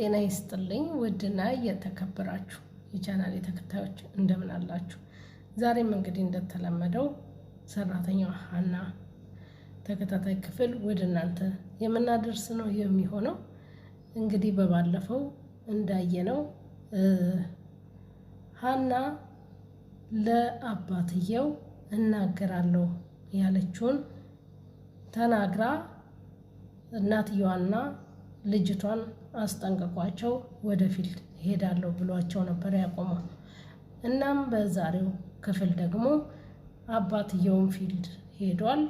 ጤና ይስጥልኝ ውድና እየተከበራችሁ የቻናሌ ተከታዮች እንደምን አላችሁ? ዛሬም እንግዲህ እንደተለመደው ሰራተኛዋ ሀና ተከታታይ ክፍል ወደ እናንተ የምናደርስ ነው የሚሆነው። እንግዲህ በባለፈው እንዳየነው ሀና ለአባትየው እናገራለሁ ያለችውን ተናግራ እናትየዋና ልጅቷን አስጠንቅቋቸው ወደ ፊልድ ሄዳለሁ ብሏቸው ነበር ያቆመው። እናም በዛሬው ክፍል ደግሞ አባትየውን ፊልድ ሄዷል።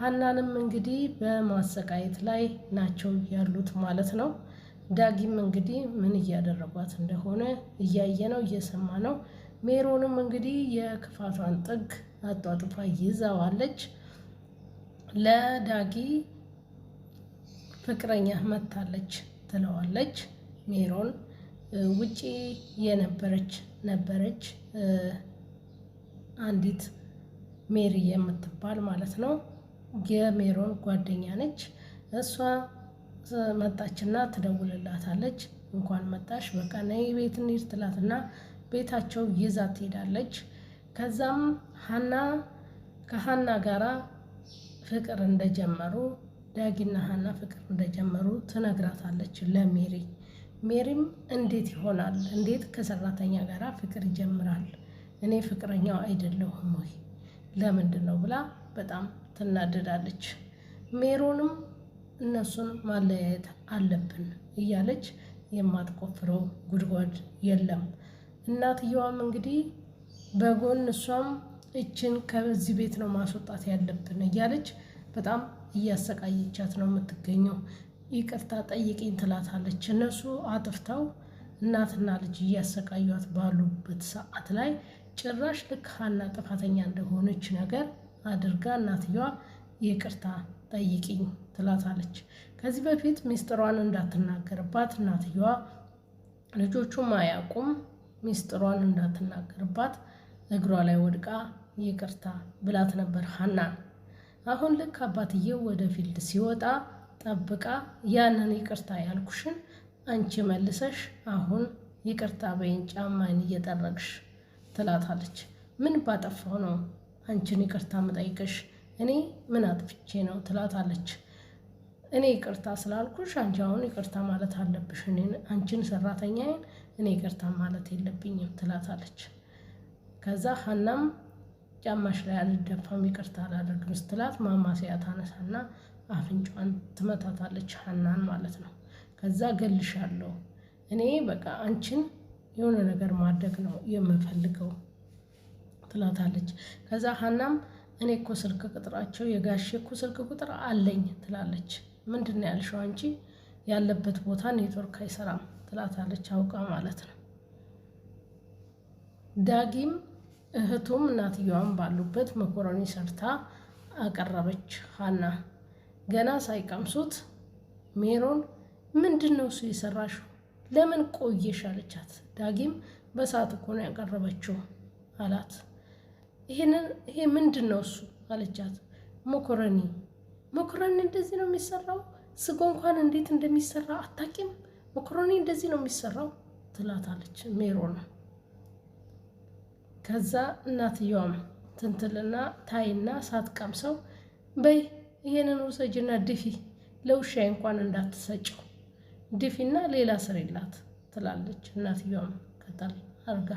ሀናንም እንግዲህ በማሰቃየት ላይ ናቸው ያሉት ማለት ነው። ዳጊም እንግዲህ ምን እያደረጓት እንደሆነ እያየ ነው እየሰማ ነው። ሜሮንም እንግዲህ የክፋቷን ጥግ አጧጥፋ ይዛዋለች። ለዳጊ ፍቅረኛ መታለች ትለዋለች። ሜሮን ውጪ የነበረች ነበረች አንዲት ሜሪ የምትባል ማለት ነው። የሜሮን ጓደኛ ነች። እሷ መጣችና ትደውልላታለች። እንኳን መጣሽ፣ በቃ ነይ ቤት እንሂድ ትላትና ቤታቸው ይዛ ትሄዳለች። ከዛም ሀና ከሀና ጋራ ፍቅር እንደጀመሩ ዳጊና ሀና ፍቅር እንደጀመሩ ትነግራታለች ለሜሪ። ሜሪም እንዴት ይሆናል? እንዴት ከሰራተኛ ጋር ፍቅር ይጀምራል? እኔ ፍቅረኛው አይደለሁም ወይ? ለምንድን ነው ብላ በጣም ትናደዳለች። ሜሮንም እነሱን ማለያየት አለብን እያለች የማትቆፍረው ጉድጓድ የለም። እናትየዋም እንግዲህ በጎን እሷም እችን ከዚህ ቤት ነው ማስወጣት ያለብን እያለች በጣም እያሰቃየቻት ነው የምትገኘው። ይቅርታ ጠይቂኝ ትላታለች። እነሱ አጥፍተው እናትና ልጅ እያሰቃዩት ባሉበት ሰዓት ላይ ጭራሽ ልክ ሀና ጥፋተኛ እንደሆነች ነገር አድርጋ እናትየዋ ይቅርታ ጠይቂኝ ትላታለች። ከዚህ በፊት ሚስጥሯን እንዳትናገርባት እናትየዋ ልጆቹም አያውቁም። ሚስጥሯን እንዳትናገርባት እግሯ ላይ ወድቃ ይቅርታ ብላት ነበር ሀናን አሁን ልክ አባትየው ወደ ፊልድ ሲወጣ ጠብቃ ያንን ይቅርታ ያልኩሽን አንቺ መልሰሽ አሁን ይቅርታ በይን ጫማይን እየጠረግሽ ትላታለች። ምን ባጠፋው ነው አንቺን ይቅርታ ምጠይቅሽ? እኔ ምን አጥፍቼ ነው ትላታለች። እኔ ይቅርታ ስላልኩሽ አንቺ አሁን ይቅርታ ማለት አለብሽ። አንቺን ሰራተኛዬን እኔ ይቅርታ ማለት የለብኝም ትላታለች። ከዛ ሀናም ጫማሽ ላይ አልደፋም ይቅርታ አላደርግም ስትላት ማማሲያ ታነሳና አፍንጫን ትመታታለች፣ ሀናን ማለት ነው። ከዛ ገልሻለሁ እኔ በቃ አንቺን የሆነ ነገር ማድረግ ነው የምፈልገው ትላታለች። ከዛ ሀናም እኔ እኮ ስልክ ቁጥራቸው የጋሼ እኮ ስልክ ቁጥር አለኝ ትላለች። ምንድን ነው ያልሽው? አንቺ ያለበት ቦታ ኔትወርክ አይሰራም ትላታለች፣ አውቃ ማለት ነው። ዳጊም እህቱም እናትየዋም ባሉበት መኮረኒ ሰርታ አቀረበች። ሀና ገና ሳይቀምሱት ሜሮን ምንድን ነው እሱ የሰራሽው? ለምን ቆየሽ? አለቻት። ዳጊም በሰዓት እኮ ነው ያቀረበችው አላት። ይህንን ይሄ ምንድን ነው እሱ? አለቻት። መኮረኒ መኮረኒ እንደዚህ ነው የሚሰራው? ስጎ እንኳን እንዴት እንደሚሰራ አታቂም? መኮረኒ እንደዚህ ነው የሚሰራው ትላታለች ሜሮን ከዛ እናትየዋም ትንትልና ታይና ሳትቀምሰው በይ ይሄንን ውሰጅና ድፊ ለውሻ እንኳን እንዳትሰጭው ድፊና ሌላ ስር የላት ትላለች እናትየዋም ከጠል አርጋ።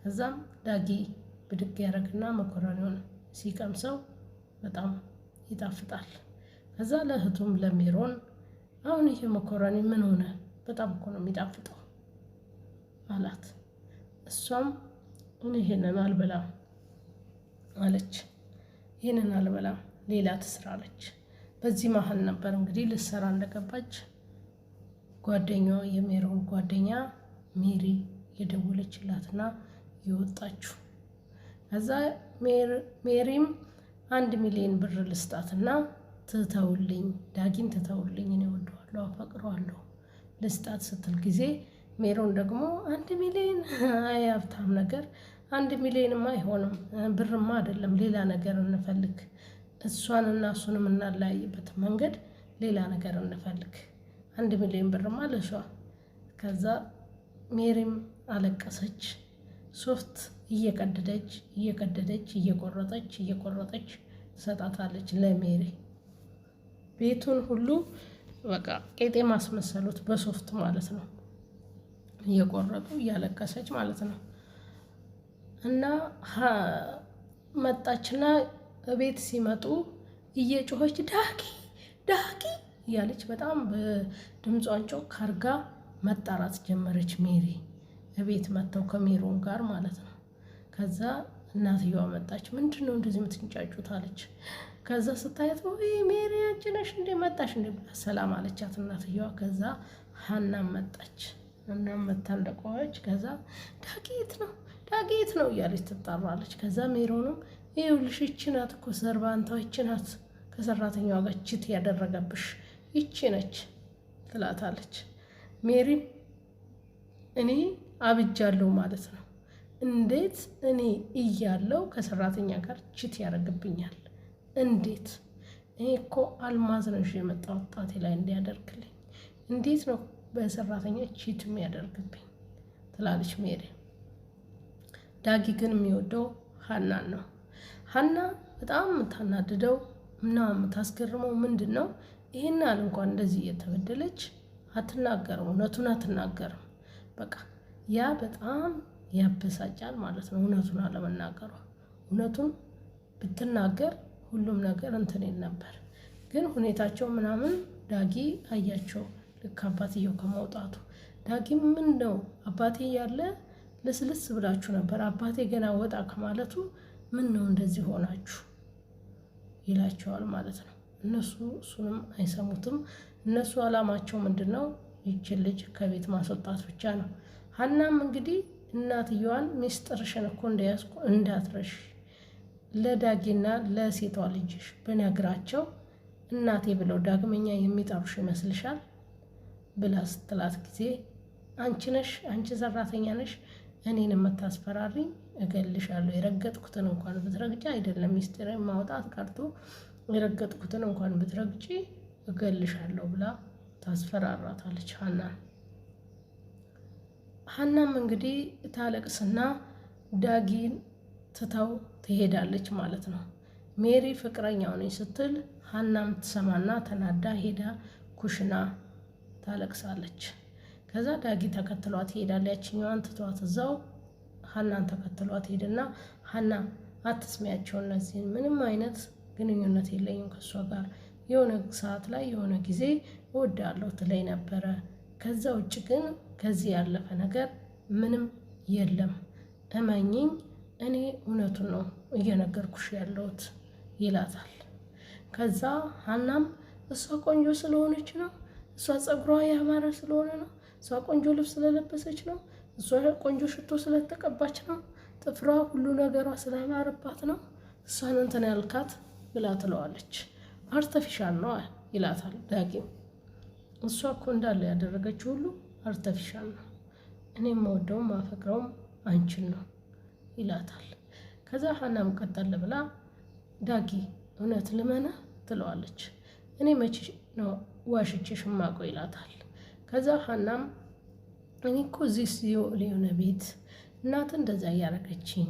ከዛም ዳጊ ብድግ ያደረግና መኮረኒውን ሲቀምሰው በጣም ይጣፍጣል። ከዛ ለእህቱም ለሚሮን አሁን ይሄ መኮረኒ ምን ሆነ? በጣም እኮ ነው የሚጣፍጠው አላት። እሷም እኔ ይሄንን አልበላም አለች። ይሄንን አልበላም ሌላ ትስራ አለች። በዚህ መሀል ነበር እንግዲህ ልሰራ እንደገባች ጓደኛዋ የሜሮን ጓደኛ ሜሪ የደወለችላትና የወጣችው ከዛ ሜሪም አንድ ሚሊዮን ብር ልስጣትና ትተውልኝ ዳጊን ትተውልኝ እኔ ወደዋለሁ አፈቅረዋለሁ ልስጣት ስትል ጊዜ ሜሮን ደግሞ አንድ ሚሊዮን አይ ሀብታም ነገር አንድ ሚሊዮንማ አይሆንም፣ ብርማ አይደለም፣ ሌላ ነገር እንፈልግ። እሷን እና እሱንም እናላይበት መንገድ ሌላ ነገር እንፈልግ። አንድ ሚሊዮን ብርማ ለሿ። ከዛ ሜሪም አለቀሰች። ሶፍት እየቀደደች እየቀደደች እየቆረጠች እየቆረጠች ትሰጣታለች ለሜሪ። ቤቱን ሁሉ በቃ ቄጤ ማስመሰሉት በሶፍት ማለት ነው። እየቆረጡ እያለቀሰች ማለት ነው። እና መጣችና ቤት ሲመጡ እየጮኸች ዳኪ ዳኪ እያለች በጣም በድምጿን ጮክ አርጋ መጣራት ጀመረች። ሜሪ ቤት መጥተው ከሜሮን ጋር ማለት ነው። ከዛ እናትየዋ መጣች። ምንድን ነው እንደዚህ የምትንጫጩት አለች። ከዛ ስታየት ወይ ሜሪ አንቺ ነሽ እንዴ መጣሽ እንዴ ብላ ሰላም አለቻት እናትየዋ። ከዛ ሀናም መጣች። እና መታ ከዛ ዳጌት ነው ዳጌት ነው እያለች ትጣራለች። ከዛ ሜሮንም ይኸውልሽ ይቺ ናት እኮ ሰርባንቷ ይቺ ናት ከሰራተኛዋ ጋር ችት ያደረገብሽ ይቺ ነች ትላታለች። ሜሪም እኔ አብጃለሁ ማለት ነው እንዴት እኔ እያለው ከሰራተኛ ጋር ችት ያደርግብኛል? እንዴት እኔ እኮ አልማዝ ነው የመጣ ወጣቴ ላይ እንዲያደርግልኝ እንዴት ነው በሰራተኛ ቺት የሚያደርግብኝ ትላለች ሜሪ። ዳጊ ግን የሚወደው ሀናን ነው። ሀና በጣም የምታናድደው እና የምታስገርመው ምንድን ነው፣ ይህን ያህል እንኳን እንደዚህ እየተበደለች አትናገርም፣ እውነቱን አትናገርም። በቃ ያ በጣም ያበሳጫል ማለት ነው፣ እውነቱን አለመናገሯ። እውነቱን ብትናገር ሁሉም ነገር እንትን ይል ነበር። ግን ሁኔታቸው ምናምን ዳጊ አያቸው ልክ አባትየው ከመውጣቱ ዳጊም ምን ነው አባቴ ያለ ልስልስ ብላችሁ ነበር፣ አባቴ ገና ወጣ ከማለቱ ምን ነው እንደዚህ ሆናችሁ ይላቸዋል ማለት ነው። እነሱ እሱንም አይሰሙትም። እነሱ አላማቸው ምንድን ነው? ይችን ልጅ ከቤት ማስወጣት ብቻ ነው። ሀናም እንግዲህ እናትየዋን ሚስጥርሽን እኮ እንደያዝኩ እንዳትረሽ ለዳጊና ለሴቷ ልጅሽ ብነግራቸው እናቴ ብለው ዳግመኛ የሚጠሩሽ ይመስልሻል? ብላ ስትላት ጊዜ አንቺ ነሽ አንቺ ሰራተኛ ነሽ እኔን የምታስፈራሪኝ እገልሻለሁ። የረገጥኩትን እንኳን ብትረግጪ አይደለም ሚስጥር ማውጣት ቀርቶ የረገጥኩትን እንኳን ብትረግጪ እገልሻለሁ ብላ ታስፈራራታለች። ሀና ሀናም እንግዲህ ታለቅስና ዳጊን ትተው ትሄዳለች ማለት ነው። ሜሪ ፍቅረኛው ነኝ ስትል ሀናም ትሰማና ተናዳ ሄዳ ኩሽና ታለቅሳለች። ከዛ ዳጊ ተከትሏት ይሄዳል። ያችኛዋን ትቷት እዛው ሀናን ተከትሏት ሄድና ሀና አትስሚያቸው፣ እነዚህን ምንም አይነት ግንኙነት የለኝም ከእሷ ጋር የሆነ ሰዓት ላይ የሆነ ጊዜ እወዳለሁ ትለይ ነበረ። ከዛ ውጭ ግን ከዚህ ያለፈ ነገር ምንም የለም፣ እመኝኝ፣ እኔ እውነቱን ነው እየነገርኩሽ ያለሁት ይላታል። ከዛ ሀናም እሷ ቆንጆ ስለሆነች ነው እሷ ጸጉሯ ያማረ ስለሆነ ነው። እሷ ቆንጆ ልብስ ስለለበሰች ነው። እሷ ቆንጆ ሽቶ ስለተቀባች ነው። ጥፍሯ፣ ሁሉ ነገሯ ስለማረባት ነው። እሷን እንትን ያልካት ብላ ትለዋለች። አርተፊሻል ነው ይላታል ዳጊም። እሷ እኮ እንዳለ ያደረገችው ሁሉ አርተፊሻል ነው። እኔም መወደውም ማፈቅረውም አንቺን ነው ይላታል። ከዛ ሀናም ቀጠል ብላ ዳጊ እውነት ልመና ትለዋለች። እኔ መቼ ነው ዋሽቼ ሽማቆ ይላታል። ከዛ ሀናም እኔ እኮ እዚህ የሆነ ቤት እናት እንደዛ እያረገችኝ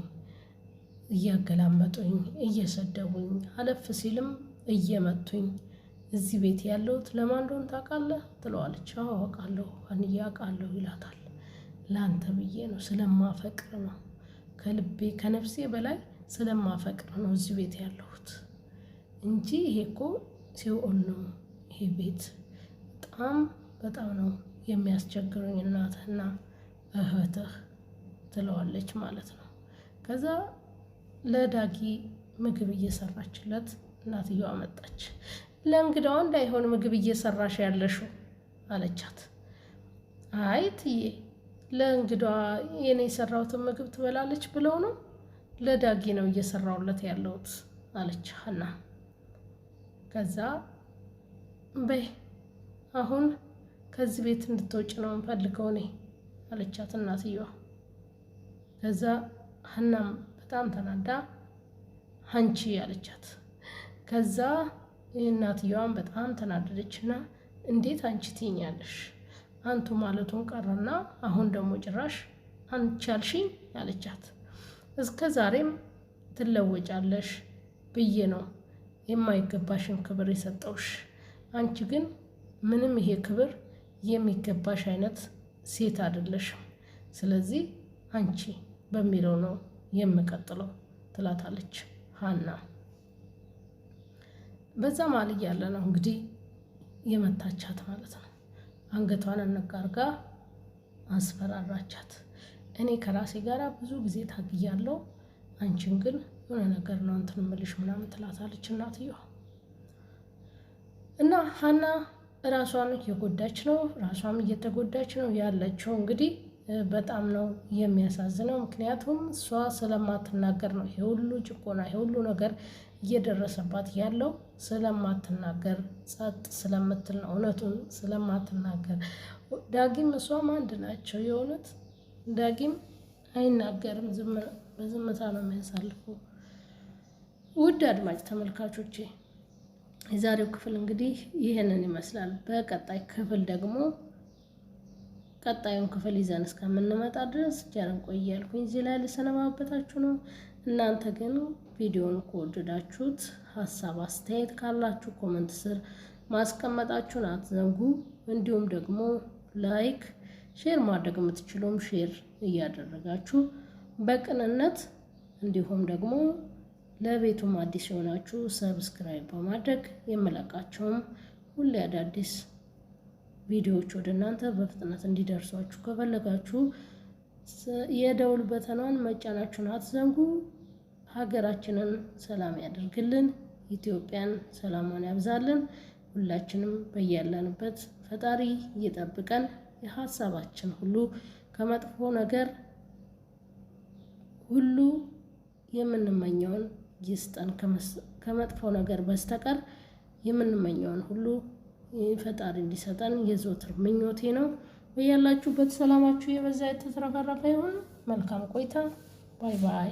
እያገላመጡኝ፣ እየሰደቡኝ፣ አለፍ ሲልም እየመቱኝ እዚህ ቤት ያለሁት ለማን እንደሆነ ታውቃለህ? ትለዋለች። አዎ አውቃለሁ አንዬ አውቃለሁ ይላታል። ለአንተ ብዬ ነው ስለማፈቅር ነው ከልቤ ከነፍሴ በላይ ስለማፈቅር ነው እዚህ ቤት ያለሁት እንጂ ይሄ እኮ ሲኦል ነው ይሄ ቤት በጣም በጣም ነው የሚያስቸግሩኝ እናትህና እህትህ ትለዋለች ማለት ነው። ከዛ ለዳጊ ምግብ እየሰራችለት እናትየዋ መጣች። ለእንግዳዋ እንዳይሆን ምግብ እየሰራሽ ያለሽው አለቻት። አይ ትዬ ለእንግዳዋ የኔ የሰራሁትን ምግብ ትበላለች ብለው ነው ለዳጊ ነው እየሰራሁለት ያለሁት አለች ሀና ከዛ በይ አሁን ከዚህ ቤት እንድትወጭ ነው የምፈልገው እኔ አለቻት እናትየዋ። ከዛ ሀናም በጣም ተናዳ አንቺ አለቻት። ከዛ እናትየዋን በጣም ተናደደች እንዴት አንቺ ትይኛለሽ አንቱ ማለቱን ቀረና አሁን ደግሞ ጭራሽ አንቺ አልሽኝ አለቻት። እስከ ዛሬም ትለወጫለሽ ብዬ ነው የማይገባሽን ክብር የሰጠውሽ አንቺ ግን ምንም ይሄ ክብር የሚገባሽ አይነት ሴት አይደለሽም። ስለዚህ አንቺ በሚለው ነው የምቀጥለው ትላታለች ሀና። በዛ መሀል እያለ ነው እንግዲህ የመታቻት ማለት ነው። አንገቷን አነቃርጋ አስፈራራቻት። እኔ ከራሴ ጋር ብዙ ጊዜ ታግያለሁ፣ አንቺን ግን የሆነ ነገር ነው እንትን እምልሽ ምናምን ትላታለች እናትየዋ። እና ሀና ራሷን እየጎዳች ነው፣ ራሷም እየተጎዳች ነው ያለችው። እንግዲህ በጣም ነው የሚያሳዝነው። ምክንያቱም እሷ ስለማትናገር ነው የሁሉ ሁሉ ጭቆና፣ የሁሉ ሁሉ ነገር እየደረሰባት ያለው ስለማትናገር፣ ጸጥ ስለምትል ነው፣ እውነቱን ስለማትናገር። ዳጊም እሷም አንድ ናቸው። የእውነት ዳጊም አይናገርም፣ በዝምታ ነው የሚያሳልፉ። ውድ አድማጭ ተመልካቾቼ የዛሬው ክፍል እንግዲህ ይህንን ይመስላል። በቀጣይ ክፍል ደግሞ ቀጣዩን ክፍል ይዘን እስከምንመጣ ድረስ ጀረን ቆያልኩኝ እዚህ ላይ ልሰነባበታችሁ ነው። እናንተ ግን ቪዲዮን ከወደዳችሁት ሀሳብ አስተያየት ካላችሁ ኮመንት ስር ማስቀመጣችሁን አትዘንጉ። እንዲሁም ደግሞ ላይክ፣ ሼር ማድረግ የምትችሉም ሼር እያደረጋችሁ በቅንነት እንዲሁም ደግሞ ለቤቱም አዲስ የሆናችሁ ሰብስክራይብ በማድረግ የምለቃቸውም ሁሌ አዳዲስ ቪዲዮዎች ወደ እናንተ በፍጥነት እንዲደርሷችሁ ከፈለጋችሁ የደውል በተኗን መጫናችሁን አትዘንጉ። ሀገራችንን ሰላም ያደርግልን፣ ኢትዮጵያን ሰላሟን ያብዛልን። ሁላችንም በያለንበት ፈጣሪ እየጠብቀን የሀሳባችን ሁሉ ከመጥፎ ነገር ሁሉ የምንመኘውን ይስጠን ከመጥፎ ነገር በስተቀር የምንመኘውን ሁሉ ፈጣሪ እንዲሰጠን የዘወትር ምኞቴ ነው። በያላችሁበት ሰላማችሁ የበዛ የተትረፈረፈ ይሁን። መልካም ቆይታ። ባይ ባይ።